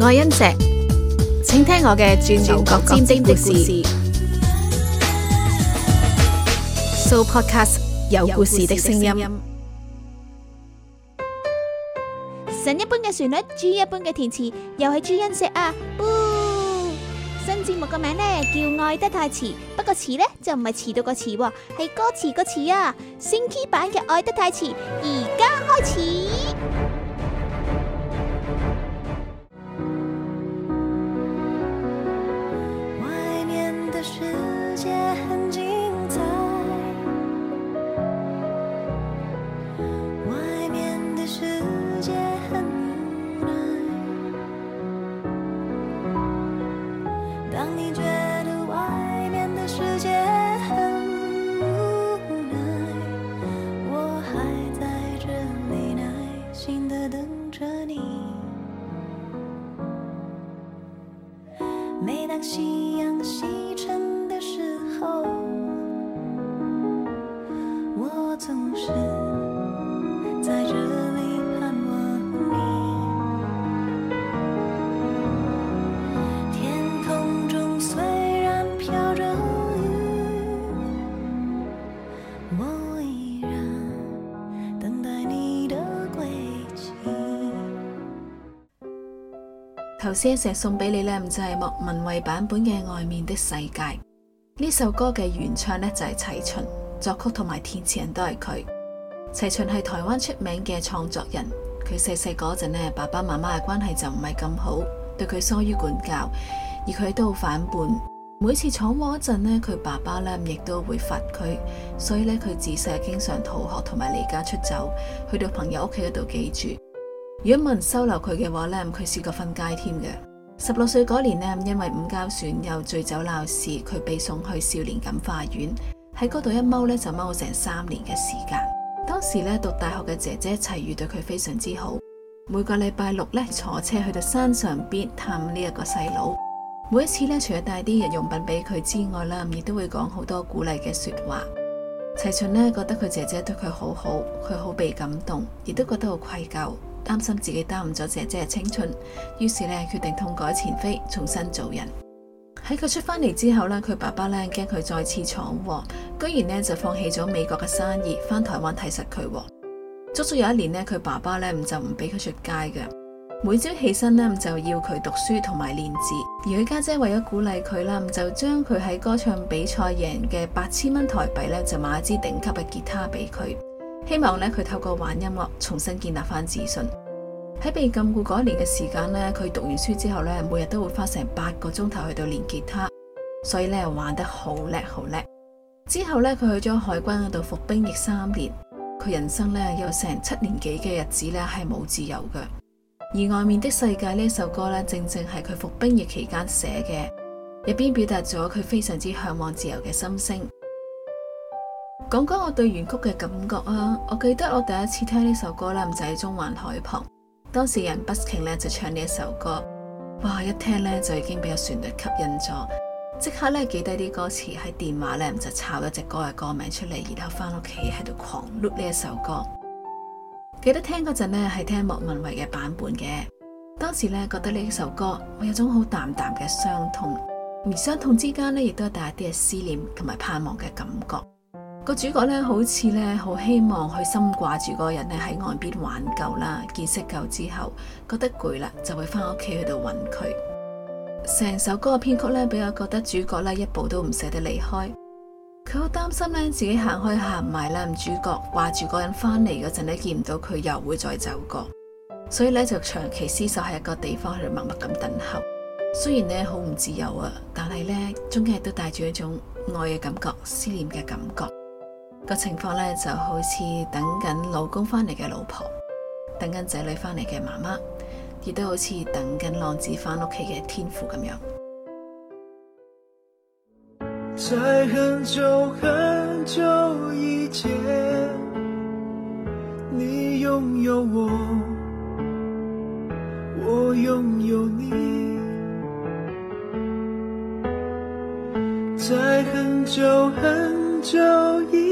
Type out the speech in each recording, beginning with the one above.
愛恩石，請聽我嘅轉轉角尖尖的故事。So podcast 有故事的聲音。神一般嘅旋律，豬一般嘅填詞，又係朱恩石啊！新節目嘅名呢，叫愛得太詞，不過詞呢，就唔係遲到個遲，係歌詞個詞啊！Cindy 版嘅愛得太詞，而家開始。每當夕陽西沉的時候，我總是。先成送俾你咧，就係莫文蔚版本嘅《外面的世界》，呢首歌嘅原唱咧，就係齊秦，作曲同埋填詞人都係佢。齊秦係台灣出名嘅創作人，佢細細嗰陣咧，爸爸媽媽嘅關係就唔係咁好，對佢疏於管教，而佢都好反叛，每次闖禍嗰陣呢，佢爸爸咧亦都會罰佢，所以咧佢自細經常逃學同埋離家出走，去到朋友屋企嗰度寄住。如果冇人收留佢嘅話咧，佢試過瞓街添嘅。十六歲嗰年咧，因為誤交損友醉酒鬧事，佢被送去少年感化院，喺嗰度一踎咧，就踎成三年嘅時間。當時咧讀大學嘅姐姐齊豫對佢非常之好，每個禮拜六咧坐車去到山上邊探呢一個細佬。每一次咧，除咗帶啲日用品俾佢之外呢，亦都會講好多鼓勵嘅說話。齊秦咧覺得佢姐姐對佢好好，佢好被感動，亦都覺得好愧疚。擔心自己耽誤咗姐姐嘅青春，於是咧決定痛改前非，重新做人。喺佢出翻嚟之後咧，佢爸爸咧驚佢再次闖禍，居然咧就放棄咗美國嘅生意，翻台灣睇實佢。足足有一年呢，佢爸爸咧唔就唔俾佢出街嘅，每朝起身咧唔就要佢讀書同埋練字。而佢家姐爲咗鼓勵佢啦，就將佢喺歌唱比賽贏嘅八千蚊台幣咧，就買一支頂級嘅吉他俾佢。希望咧，佢透過玩音樂重新建立翻自信。喺被禁錮嗰一年嘅時間咧，佢讀完書之後咧，每日都會花成八個鐘頭去到練吉他，所以咧玩得好叻好叻。之後咧，佢去咗海軍嗰度服兵役三年，佢人生咧有成七年幾嘅日子咧係冇自由嘅。而《外面的世界》呢首歌咧，正正係佢服兵役期間寫嘅，入邊表達咗佢非常之向往自由嘅心聲。講講我對原曲嘅感覺啊！我記得我第一次聽呢首歌呢，唔就喺中環海旁，當時人 busking 呢，就唱呢首歌，哇！一聽呢，就已經俾個旋律吸引咗，即刻呢，記低啲歌詞喺電話呢就抄咗隻歌嘅歌名出嚟，然後翻屋企喺度狂 look 呢首歌。記得聽嗰陣呢，係聽莫文蔚嘅版本嘅，當時呢，覺得呢首歌我有種好淡淡嘅傷痛，而傷痛之間呢，亦都帶一啲思念同埋盼望嘅感覺。個主角咧，好似咧好希望佢心掛住個人咧喺岸邊玩夠啦，見識夠之後覺得攰啦，就會翻屋企去度搵佢。成首歌嘅編曲咧，俾我覺得主角咧一步都唔捨得離開。佢好擔心咧自己行開行埋啦，主角掛住個人翻嚟嗰陣咧見唔到佢，又會再走過，所以咧就長期廝守喺一個地方喺度默默咁等候。雖然咧好唔自由啊，但係咧中間亦都帶住一種愛嘅感覺、思念嘅感覺。個情況咧就好似等緊老公翻嚟嘅老婆，等緊仔女翻嚟嘅媽媽，亦都好似等緊浪子翻屋企嘅天父咁樣。在很久很久以前，你擁有我，我擁有你，在很久很久以。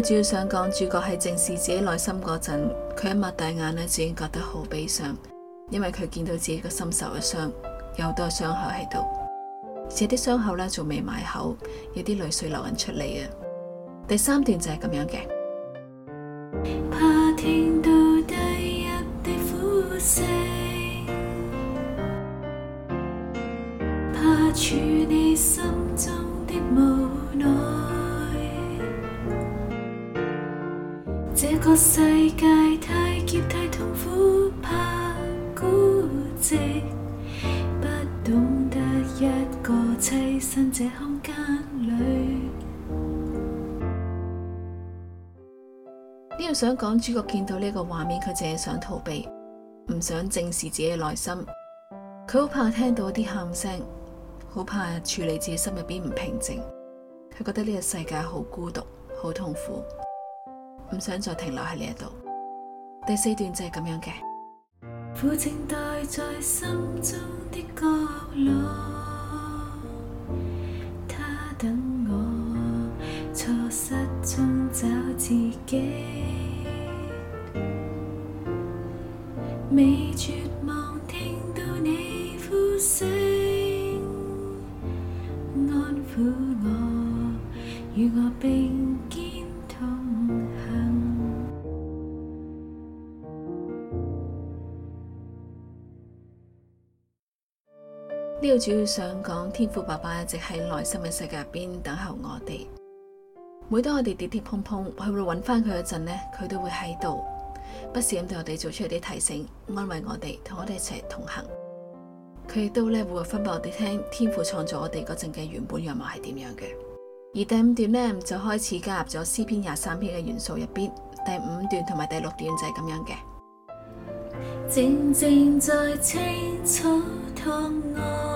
主要想講主角係正視自己內心嗰陣，佢一擘大眼咧，自然覺得好悲傷，因為佢見到自己個心受咗傷，有好多個傷口喺度，而且啲傷口咧仲未埋口，有啲淚水流緊出嚟啊！第三段就係咁樣嘅。啊想講主角見到呢個畫面，佢淨係想逃避，唔想正視自己嘅內心，佢好怕聽到一啲喊聲，好怕處理自己心入邊唔平靜，佢覺得呢個世界好孤獨，好痛苦，唔想再停留喺呢一度。第四段就係咁樣嘅。主要想講，天父爸爸一直喺內心嘅世界入邊等候我哋。每當我哋跌跌碰碰，去到揾翻佢嗰陣呢，佢都會喺度，不時咁對我哋做出一啲提醒、安慰我哋，同我哋一齊同行。佢亦都咧會分俾我哋聽天父創造我哋嗰陣嘅原本樣貌係點樣嘅。而第五段呢，就開始加入咗詩篇廿三篇嘅元素入邊，第五段同埋第六段就係咁樣嘅。靜靜在青草躺臥。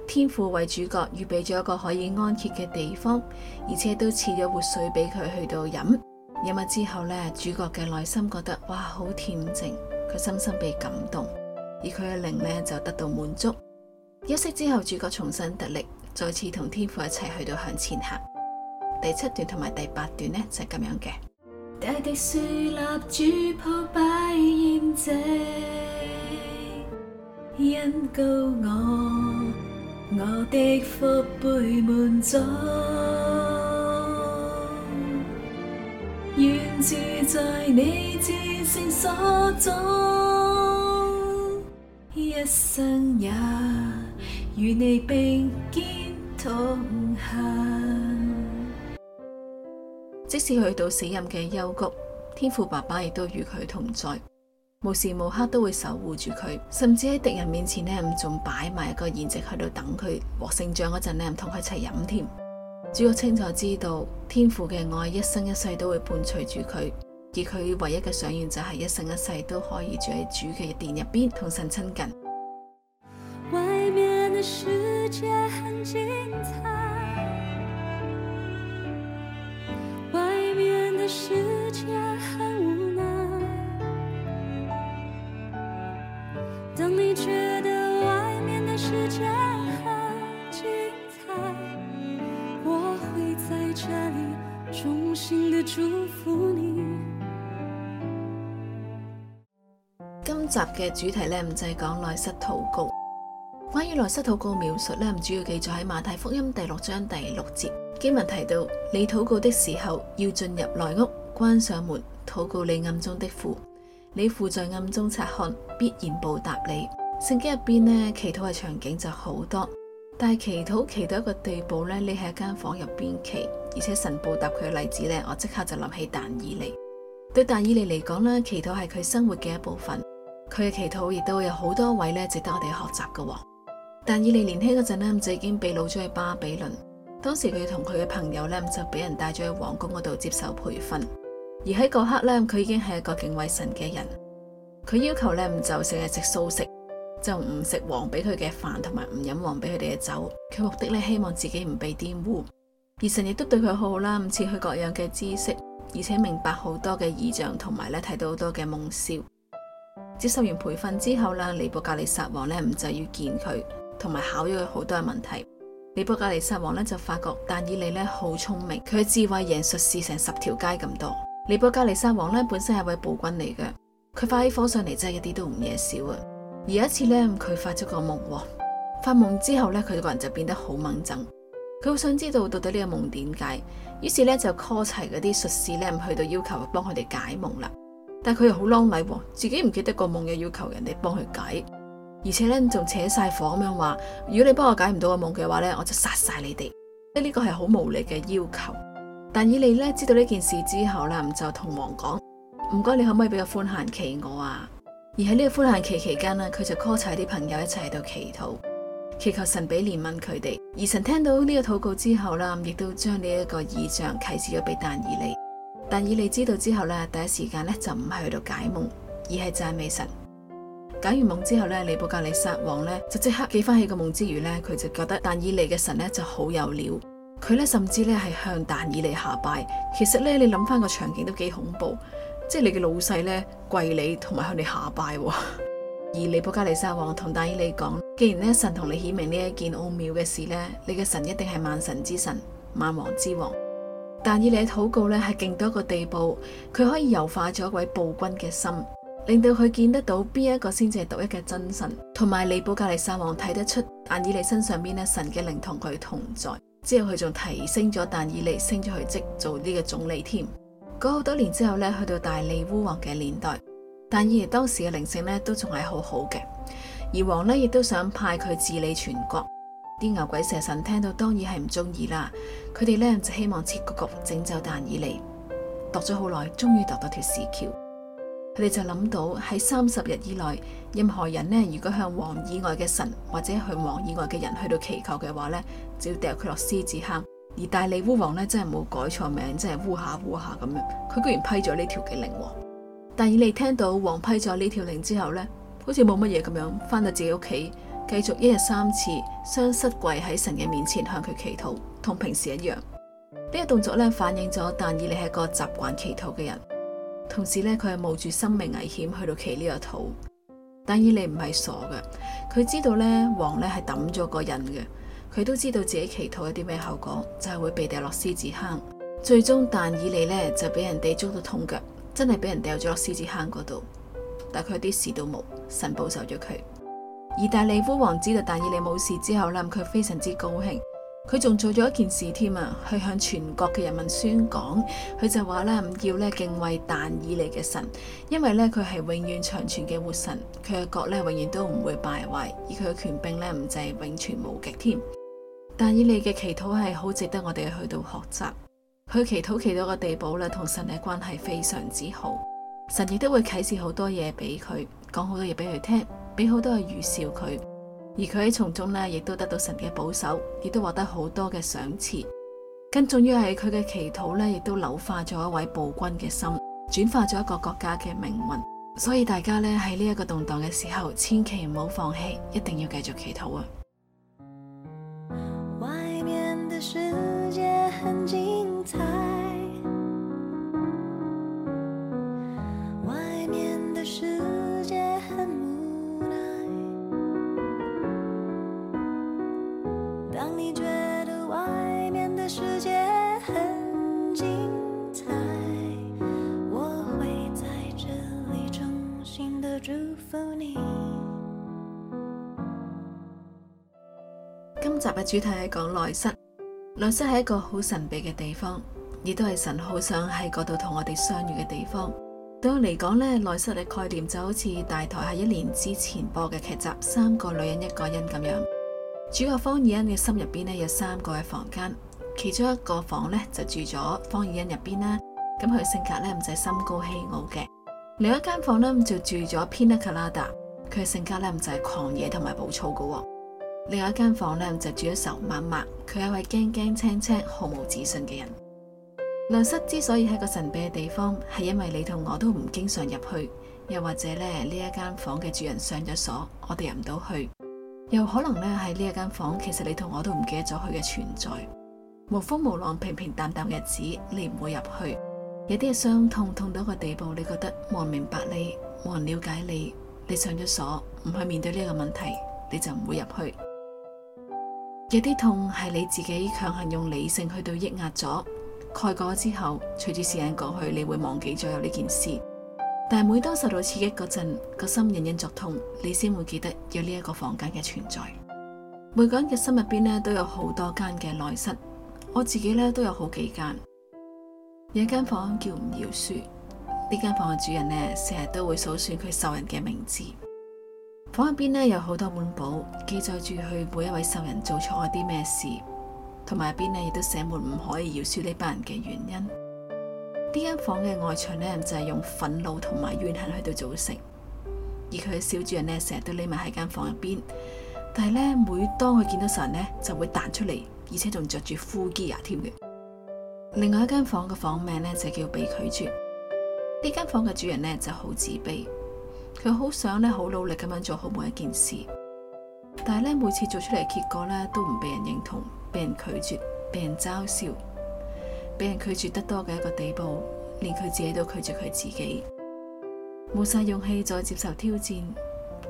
天父為主角預備咗一個可以安歇嘅地方，而且都賜咗活水俾佢去到飲。飲咗之後呢，主角嘅內心覺得哇，好恬靜，佢深深被感動，而佢嘅靈呢就得到滿足。休息之後，主角重新得力，再次同天父一齊去到向前行。第七段同埋第八段呢，就係咁樣嘅。因高我我的福杯滿載，願住在你至善所中，一生也與你並肩同行。即使去到死蔭嘅幽谷，天父爸爸亦都與佢同在。無時無刻都會守護住佢，甚至喺敵人面前咧，仲擺埋個筵席，喺度等佢獲勝仗嗰陣咧，同佢一齊飲添。主，我清楚知道，天父嘅愛一生一世都會伴隨住佢，而佢唯一嘅想願就係一生一世都可以住喺主嘅殿入邊同神親近。外面的世界很覺得外面的世界很精彩，我會在這裏衷心的祝福你。今集嘅主題呢，唔就係講內室禱告。關於內室禱告描述呢，唔主要記載喺馬太福音第六章第六節經文提到：你禱告的時候，要進入內屋，關上門，禱告你暗中的父。你父在暗中察看，必然報答你。聖經入邊咧，祈禱嘅場景就好多，但係祈禱祈到一個地步咧，你喺一間房入邊祈，而且神報答佢嘅例子咧，我即刻就諗起但以理。對但以理嚟講咧，祈禱係佢生活嘅一部分，佢嘅祈禱亦都有好多位咧，值得我哋學習嘅。但以理年輕嗰陣咧，就已經被擄咗去巴比倫。當時佢同佢嘅朋友咧，就俾人帶咗去皇宮嗰度接受培訓，而喺嗰刻咧，佢已經係一個敬畏神嘅人。佢要求咧唔就成日食素食。就唔食王俾佢嘅飯，同埋唔飲王俾佢哋嘅酒。佢目的咧，希望自己唔被玷污，而神亦都對佢好好啦，賜佢各樣嘅知識，而且明白好多嘅異象，同埋咧，睇到好多嘅夢兆。接受完培訓之後啦，尼布甲尼撒王咧，唔就要見佢，同埋考咗佢好多嘅問題。尼布甲尼撒王咧，就發覺但以理咧，好聰明，佢嘅智慧贏術士，成十條街咁多。尼布甲尼撒王咧，本身係一位暴君嚟嘅，佢發起火上嚟真係一啲都唔夜少啊。而有一次咧，佢發咗個夢，發夢之後咧，佢個人就變得好猛憎，佢好想知道到底呢個夢點解，於是咧就 call 齊嗰啲術士咧，去到要求幫佢哋解夢啦。但佢又好撈米，自己唔記得個夢又要求人哋幫佢解，而且咧仲扯晒火咁樣話：如果你幫我解唔到個夢嘅話咧，我就殺晒你哋。即呢個係好無理嘅要求。但以理咧知道呢件事之後咧，就同王講：唔該，你可唔可以俾個寬限期我啊？而喺呢個呼難期期間呢，佢就 call 晒啲朋友一齊喺度祈禱，祈求神俾憐憫佢哋。而神聽到呢個禱告之後啦，亦都將呢一個異象啟示咗俾但以利。但以利知道之後咧，第一時間咧就唔係去到解夢，而係讚美神。解完夢之後咧，尼布甲尼撒王咧就即刻記翻起個夢之餘咧，佢就覺得但以利嘅神咧就好有料。佢咧甚至咧係向但以利下拜。其實咧你諗翻個場景都幾恐怖。即係你嘅老細呢，跪你同埋向你下拜，哦， 而尼布加利沙王同但以理講：既然呢神同你顯明呢一件奧妙嘅事呢，你嘅神一定係萬神之神、萬王之王。但以理嘅禱告呢，係勁到一個地步，佢可以柔化咗一位暴君嘅心，令到佢見得到邊一個先至係獨一嘅真神。同埋尼布加利沙王睇得出但以理身上邊呢神嘅靈同佢同在，之後佢仲提升咗但以理升咗佢職做呢個總理添。過好多年之後呢，去到大利烏王嘅年代，但以當時嘅靈性呢都仲係好好嘅，而王呢亦都想派佢治理全國。啲牛鬼蛇神聽到當然係唔中意啦，佢哋呢就希望設局整走但以嚟，度咗好耐，終於度到條屎橋。佢哋就諗到喺三十日以內，任何人呢如果向王以外嘅神或者向王以外嘅人去到祈求嘅話呢，就要掉佢落獅子坑。而大利烏王咧，真係冇改錯名，真係烏下烏下咁樣。佢居然批咗呢條嘅令，啊。但以利聽到王批咗呢條令之後咧，好似冇乜嘢咁樣，翻到自己屋企，繼續一日三次雙膝跪喺神嘅面前向佢祈禱，同平時一樣。呢、呢個動作咧，反映咗但以利係個習慣祈禱嘅人。同時咧，佢係冒住生命危險去到祈呢個禱。但以利唔係傻嘅，佢知道咧，王咧係抌咗個人嘅。佢都知道自己祈禱有啲咩後果，就係會被掉落獅子坑。最終但以理呢，就俾人哋捉到痛腳，真係俾人掉咗落獅子坑嗰度。但佢一啲事都冇，神保守咗佢。以大利烏王知道但以理冇事之後，呢佢非常之高興。佢仲做咗一件事添啊，去向全國嘅人民宣講，佢就話呢唔要呢敬畏但以理嘅神，因為呢，佢係永遠長存嘅活神，佢嘅國呢永遠都唔會敗壞，而佢嘅權柄呢，唔就係永存無極添。但以理嘅祈禱係好值得我哋去到學習，佢祈禱祈禱嘅地步啦，同神嘅關係非常之好，神亦都會啟示好多嘢俾佢，講好多嘢俾佢聽，俾好多嘅預兆佢，而佢喺從中呢亦都得到神嘅保守，亦都獲得好多嘅賞賜。更重要係佢嘅祈禱呢亦都扭化咗一位暴君嘅心，轉化咗一個國家嘅命運。所以大家咧喺呢一個動盪嘅時候，千祈唔好放棄，一定要繼續祈禱啊！祝福你。今集嘅主題係講內室。內室係一個好神秘嘅地方，亦都係神好想喺嗰度同我哋相遇嘅地方。對我嚟講咧，內室嘅概念就好似大台喺一年之前播嘅劇集《三個女人一個人》咁樣。主角方以恩嘅心入邊咧有三個嘅房間，其中一個房咧就住咗方以恩入邊啦。咁佢性格咧唔使心高氣傲嘅，另一間房咧就住咗 Pina Colada，佢嘅性格咧唔使狂野同埋暴躁噶。另一間房咧就住咗仇默默，佢係一位驚驚青青、毫無自信嘅人。內室之所以係個神秘嘅地方，係因為你同我都唔經常入去，又或者咧呢一間房嘅主人上咗鎖，我哋入唔到去；又可能咧喺呢一間房，其實你同我都唔記得咗佢嘅存在。無風無浪、平平淡淡嘅日子，你唔會入去；有啲嘅傷痛痛到個地步，你覺得冇人明白你、冇人了解你，你上咗鎖，唔去面對呢一個問題，你就唔會入去。有啲痛係你自己強行用理性去到抑壓咗、蓋過之後，隨住時間過去，你會忘記咗有呢件事。但係每當受到刺激嗰陣，個心隱隱作痛，你先會記得有呢一個房間嘅存在。每個人嘅心入邊咧都有好多間嘅內室，我自己咧都有好幾間。有一間房間叫唔饒恕，呢間房嘅主人咧成日都會數算佢仇人嘅名字。房入邊咧有好多本簿，記載住佢每一位受人做錯啲咩事，同埋入邊咧亦都寫滿唔可以饒恕呢班人嘅原因。呢間房嘅外牆咧就係用憤怒同埋怨恨去到組成，而佢嘅小主人咧成日都匿埋喺間房入邊，但係咧每當佢見到神咧就會彈出嚟，而且仲着住 full gear 添嘅。另外一間房嘅房名咧就叫被拒絕，呢間房嘅主人咧就好自卑。佢好想咧，好努力咁樣做好每一件事，但係咧每次做出嚟結果咧都唔被人認同，被人拒絕，被人嘲笑，俾人拒絕得多嘅一個地步，連佢自己都拒絕佢自己，冇晒勇氣再接受挑戰。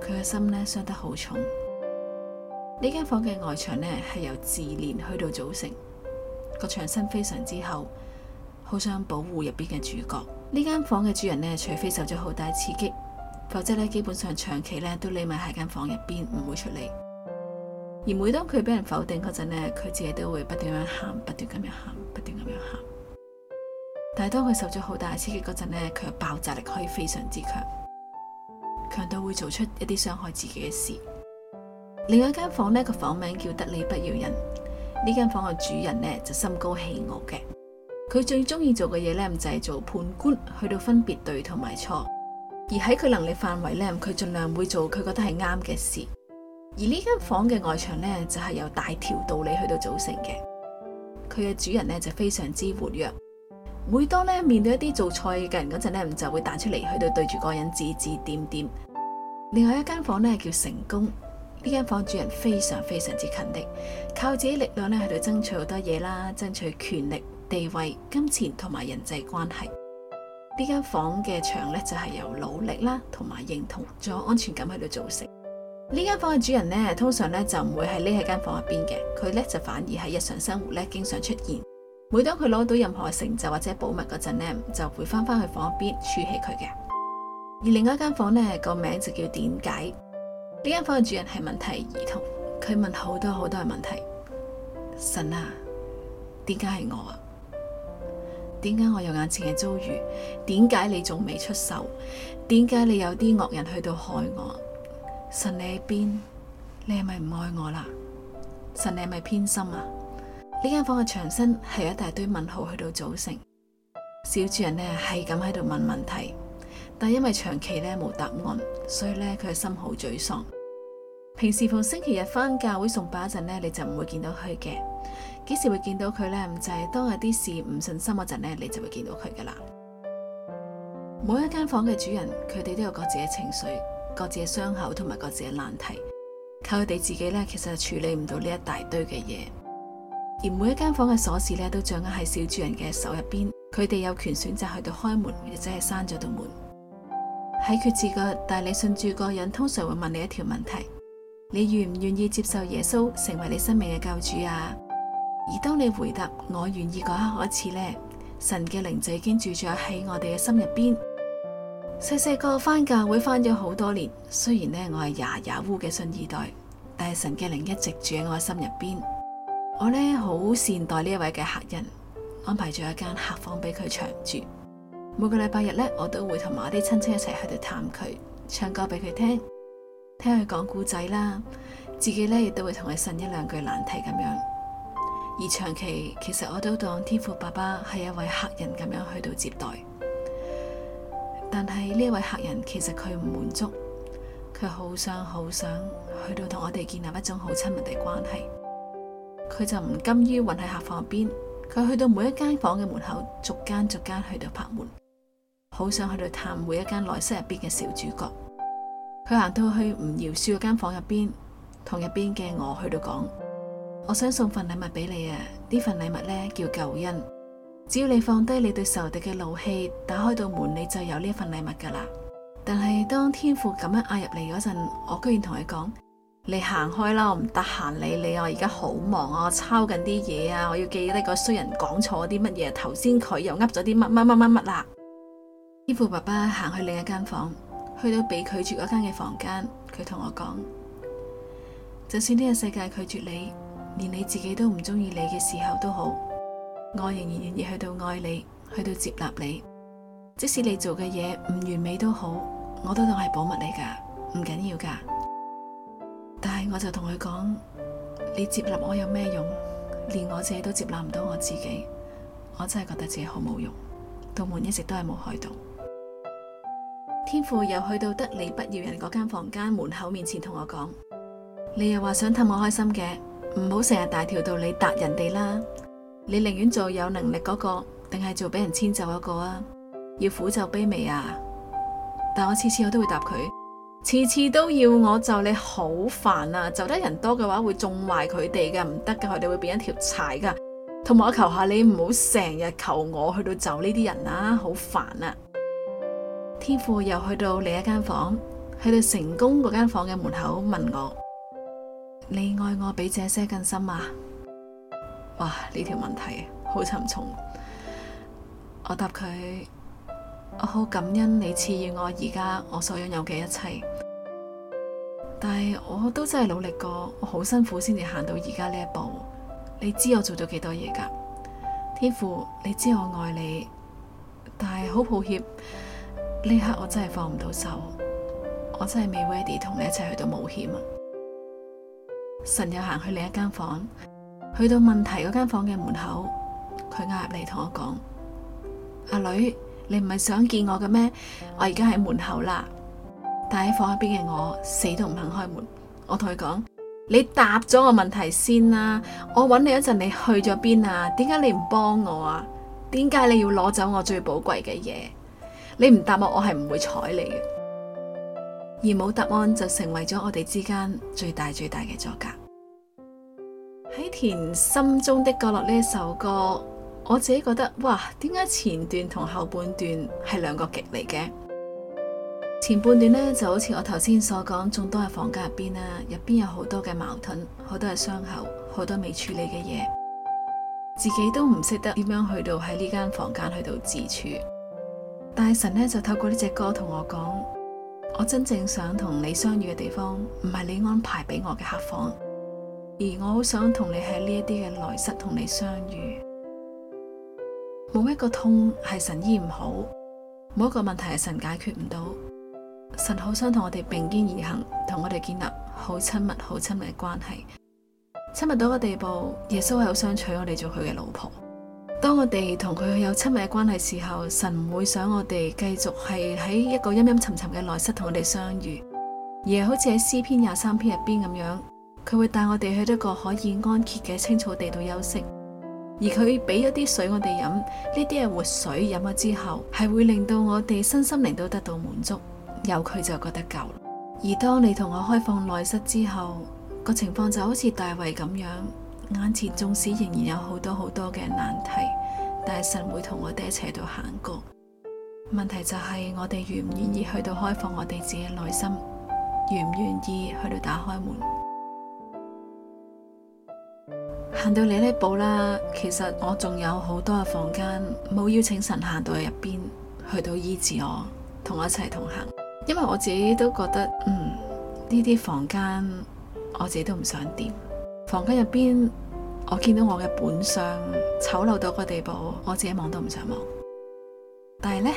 佢嘅心咧傷得好重。呢間房嘅外牆咧係由自憐去到組成，個牆身非常之厚，好想保護入邊嘅主角。呢間房嘅主人咧，除非受咗好大刺激。否則咧，基本上長期咧都匿埋喺間房入邊，唔會出嚟。而每當佢俾人否定嗰陣咧，佢自己都會不斷咁樣喊，不斷咁樣喊，不斷咁樣喊。但係當佢受咗好大刺激嗰陣咧，佢嘅爆炸力可以非常之強，強到會做出一啲傷害自己嘅事。另外一間房咧，個房名叫得理不饒人。呢間房嘅主人咧就心高氣傲嘅，佢最中意做嘅嘢咧就係做判官，去到分別對同埋錯。而喺佢能力範圍呢，佢盡量會做佢覺得係啱嘅事。而呢間房嘅外牆呢，就係由大條道理去到組成嘅。佢嘅主人呢，就非常之活躍，每當呢面對一啲做菜嘅人嗰陣呢，就會彈出嚟去到對住個人指指點點。另外一間房呢，叫成功，呢間房主人非常非常之勤力，靠自己力量呢，喺度爭取好多嘢啦，爭取權力、地位、金錢同埋人際關係。呢間房嘅牆咧就係由努力啦，同埋認同，仲有安全感喺度造成。呢間房嘅主人咧，通常咧就唔會喺呢喺間房入邊嘅，佢咧就反而喺日常生活咧經常出現。每當佢攞到任何成就或者寶物嗰陣咧，就會回翻翻去房入邊儲起佢嘅。而另外一間房咧個名就叫點解？呢間房嘅主人係問題兒童，佢問好多好多嘅問題。神啊，點解係我啊？點解我有眼前嘅遭遇？點解你仲未出手？點解你有啲惡人去到害我？神你喺邊？你係咪唔愛我啦？神你係咪偏心啊？呢間房嘅牆身係有一大堆問號去到組成。小主人呢係咁喺度問問題，但因為長期呢冇答案，所以呢佢嘅心好沮喪。平時逢星期日翻教會崇拜一陣咧，你就唔會見到佢嘅。幾時會見到佢呢？唔就係、是、當有啲事唔信心嗰陣呢，你就會見到佢噶啦。每一間房嘅主人，佢哋都有各自嘅情緒、各自嘅傷口同埋各自嘅難題。靠佢哋自己呢，其實處理唔到呢一大堆嘅嘢。而每一間房嘅鎖匙呢，都掌握喺小主人嘅手入邊。佢哋有權選擇去到開門，亦或者係閂咗道門。喺決志嘅，但係你信住嘅人通常會問你一條問題：你願唔願意接受耶穌成為你生命嘅救主啊？而當你回答我願意嗰刻開始呢，神嘅靈就已經住咗喺我哋嘅心入邊。細細個返教會返咗好多年，雖然呢我係牙牙烏嘅信二代，但係神嘅靈一直住喺我嘅心入邊。我呢好善待呢一位嘅客人，安排咗一間客房俾佢長住。每個禮拜日呢，我都會同我啲親戚一齊喺度探佢，唱歌俾佢聽，聽佢講故仔啦，自己呢，亦都會同佢呻一兩句難題咁樣。而長期其實我都當天父爸爸係一位客人咁樣去到接待，但係呢位客人其實佢唔滿足，佢好想好想去到同我哋建立一種好親密嘅關係，佢就唔甘於困喺客房入邊，佢去到每一間房嘅門口，逐間逐間去到拍門，好想去到探每一間內室入邊嘅小主角。佢行到去唔饒恕嗰間房入邊，同入邊嘅我去到講。我想送份禮物俾你啊！呢份禮物呢，叫救恩，只要你放低你對仇敵嘅怒氣，打開道門，你就有呢份禮物噶啦。但係當天父咁樣嗌入嚟嗰陣，我居然同佢講：你行開啦，我唔得閒理你啊！而家好忙啊，我抄緊啲嘢啊，我要記得個衰人講錯咗啲乜嘢。頭先佢又噏咗啲乜乜乜乜乜啦。天父爸爸行去另一間房，去到俾拒絕嗰間嘅房間，佢同我講：就算呢個世界拒絕你。連你自己都唔中意你嘅時候都好，我仍然願意去到愛你，去到接納你。即使你做嘅嘢唔完美都好，我都當係寶物嚟㗎，唔緊要㗎。但係我就同佢講，你接納我有咩用？連我自己都接納唔到我自己，我真係覺得自己好冇用。道門一直都係冇開到。天父又去到得你不要人嗰間房間門口面前同我講，你又話想氹我開心嘅。唔好成日大條道理答人哋啦，你寧願做有能力嗰個，定係做俾人遷就嗰個啊？要苦就卑微啊！但我次次我都會答佢，次次都要我就你好煩啊！就得人多嘅話會縱壞佢哋嘅，唔得嘅，佢哋會變一條柴噶。同埋我求下你唔好成日求我去到就呢啲人啊。好煩啊！天父又去到另一間房，去到成功嗰間房嘅門口問我。你愛我比這些更深啊！哇，呢條問題好沉重。我答佢，我好感恩你賜予我而家我所擁有嘅一切。但係我都真係努力過，我好辛苦先至行到而家呢一步。你知我做咗幾多嘢㗎？天父，你知我愛你，但係好抱歉，呢刻我真係放唔到手，我真係未 ready 同你一齊去到冒險啊！神又行去另一間房，去到問題嗰間房嘅門口，佢嗌入嚟同我講：阿女，你唔係想見我嘅咩？我而家喺門口啦，但喺房入邊嘅我死都唔肯開門。我同佢講：你答咗我問題先啦。我揾你一陣，你去咗邊啊？點解你唔幫我啊？點解你要攞走我最寶貴嘅嘢？你唔答我，我係唔會睬你嘅。而冇答案就成為咗我哋之間最大最大嘅阻隔。喺填心中的角落呢一首歌，我自己覺得哇，點解前段同後半段係兩個極嚟嘅？前半段呢，就好似我頭先所講，眾多喺房間入邊啦，入邊有好多嘅矛盾，好多嘅傷口，好多未處理嘅嘢，自己都唔識得點樣去到喺呢間房間去到自處。大神呢，就透過呢隻歌同我講。我真正想同你相遇嘅地方，唔係你安排俾我嘅客房，而我好想同你喺呢一啲嘅內室同你相遇。冇一個痛係神醫唔好，冇一個問題係神解決唔到。神好想同我哋並肩而行，同我哋建立好親密、好親密嘅關係，親密到個地步，耶穌係好想娶我哋做佢嘅老婆。當我哋同佢有親密關係時候，神唔會想我哋繼續係喺一個陰陰沉沉嘅內室同我哋相遇，而係好似喺詩篇廿三篇入邊咁樣，佢會帶我哋去一個可以安歇嘅青草地度休息，而佢俾咗啲水我哋飲，呢啲係活水，飲咗之後係會令到我哋身心靈都得到滿足，有佢就覺得夠。而當你同我開放內室之後，個情況就好似大衛咁樣。眼前縱使仍然有好多好多嘅難題，但係神會同我哋一齊喺度行過。問題就係我哋願唔願意去到開放我哋自己內心，願唔願意去到打開門，行到你呢步啦。其實我仲有好多嘅房間冇邀請神行到入邊，去到醫治我，同我一齊同行。因為我自己都覺得，嗯，呢啲房間我自己都唔想掂，房間入邊。我見到我嘅本相醜陋到個地步，我自己望都唔想望。但係呢，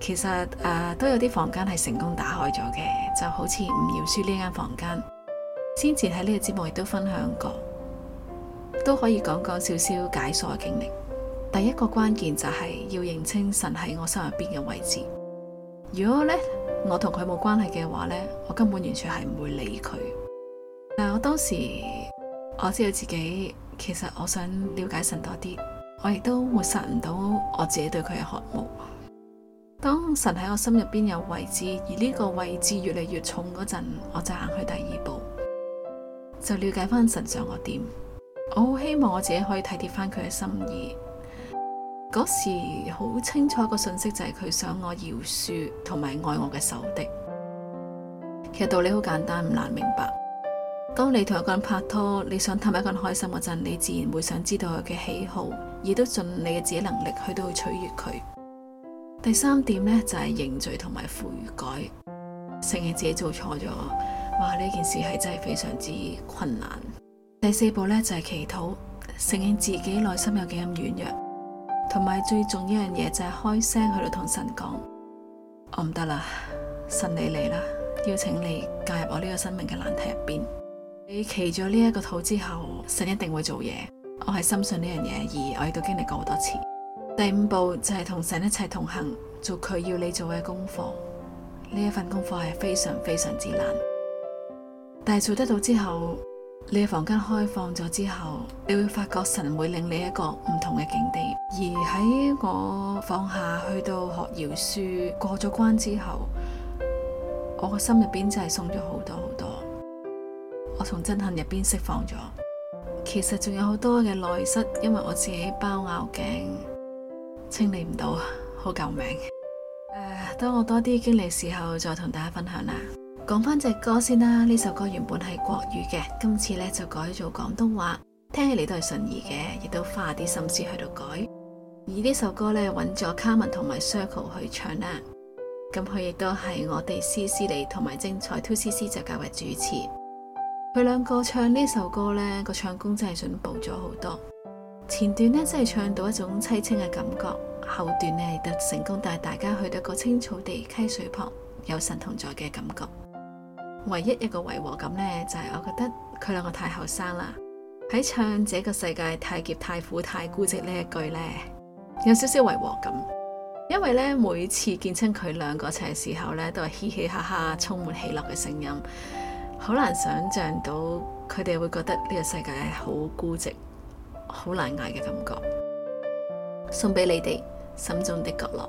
其實誒、呃、都有啲房間係成功打開咗嘅，就好似吳耀書呢間房間，先前喺呢個節目亦都分享過，都可以講講少少解鎖嘅經歷。第一個關鍵就係要認清神喺我心入邊嘅位置。如果呢，我同佢冇關係嘅話呢，我根本完全係唔會理佢。但我當時我知道自己。其實我想了解神多啲，我亦都抹殺唔到我自己對佢嘅渴望。當神喺我心入邊有位置，而呢個位置越嚟越重嗰陣，我就行去第二步，就了解翻神想我點。我好希望我自己可以體貼翻佢嘅心意。嗰時好清楚個信息就係佢想我饒恕同埋愛我嘅仇敵。其實道理好簡單，唔難明白。當你同一個人拍拖，你想氹一個人開心嗰陣，你自然會想知道佢嘅喜好，亦都盡你嘅自己能力去到取悅佢。第三點呢，就係認罪同埋悔改，承認自己做錯咗，話呢件事係真係非常之困難。第四步呢，就係、是、祈禱，承認自己內心有幾咁軟弱，同埋最重要一樣嘢就係、是、開聲去到同神講：我唔得啦，神你嚟啦，邀請你介入我呢個生命嘅難題入邊。你騎咗呢一個土之後，神一定會做嘢。我係深信呢樣嘢，而我亦都經歷過好多次。第五步就係同神一齊同行，做佢要你做嘅功課。呢一份功課係非常非常之難，但係做得到之後，你嘅房間開放咗之後，你會發覺神會令你一個唔同嘅境地。而喺我放下去到學饒恕過咗關之後，我個心入邊真係鬆咗好多好多。我從憎恨入邊釋放咗，其實仲有好多嘅內室，因為我自己包拗頸清理唔到，好救命。誒、呃，當我多啲經歷時候，再同大家分享啦。講返隻歌先啦，呢首歌原本係國語嘅，今次呢就改做廣東話，聽起嚟都係順耳嘅，亦都花啲心思喺度改。而呢首歌呢，揾咗卡文同埋 Circle 去唱啦，咁佢亦都係我哋思思嚟同埋精彩 two 思思就作為主持。佢兩個唱呢首歌呢，個唱功真係進步咗好多。前段呢，真係唱到一種淒清嘅感覺，後段呢，係成功帶大家去到一個青草地溪水旁有神同在嘅感覺。唯一一個違和感呢，就係我覺得佢兩個太後生啦，喺唱這個世界太劫太苦太孤寂呢一句呢，有少少違和感。因為呢，每次見親佢兩個齊嘅時候呢，都係嘻嘻哈哈充滿喜樂嘅聲音。好難想象到，佢哋會覺得呢個世界係好孤寂、好難捱嘅感覺。送俾你哋心中嘅角落。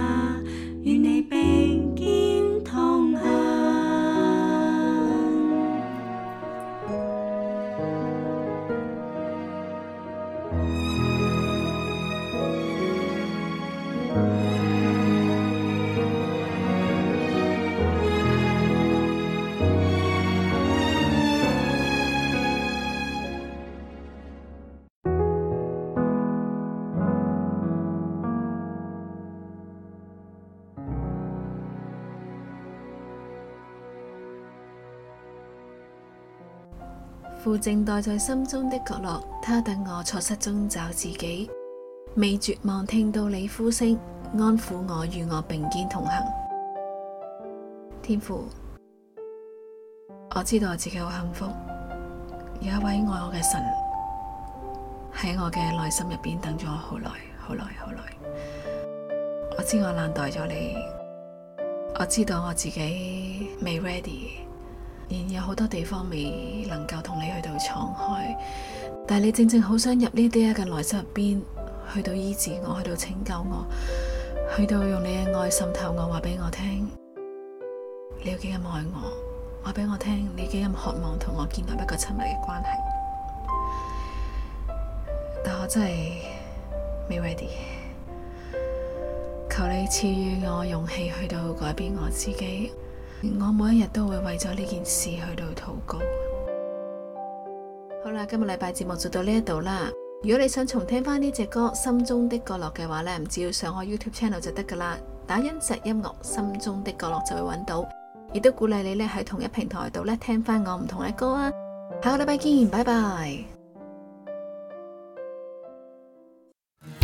正待在心中的角落，他等我錯失中找自己，未絕望聽到你呼聲，安撫我與我並肩同行。天父，我知道我自己好幸福，有一位愛我嘅神喺我嘅內心入邊等咗我好耐，好耐，好耐。我知我冷待咗你，我知道我自己未 ready。然有好多地方未能夠同你去到敞開，但係你正正好想入呢啲嘅內心入邊，去到醫治我，去到拯救我，去到用你嘅愛滲透我，話俾我聽，你有幾咁愛我，話俾我聽，你幾咁渴望同我建立一個親密嘅關係，但我真係未 ready，求你賜予我勇氣去到改變我自己。我每一日都會為咗呢件事去到禱告。好啦，今個禮拜節目做到呢一度啦。如果你想重聽翻呢隻歌《心中的角落》嘅話咧，唔只要上我 YouTube channel 就得噶啦。打音只音樂《心中的角落》就會搵到，亦都鼓勵你咧喺同一平台度咧聽翻我唔同嘅歌啊！下個禮拜見，拜拜。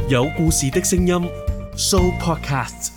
有故事的聲音，Show Podcast。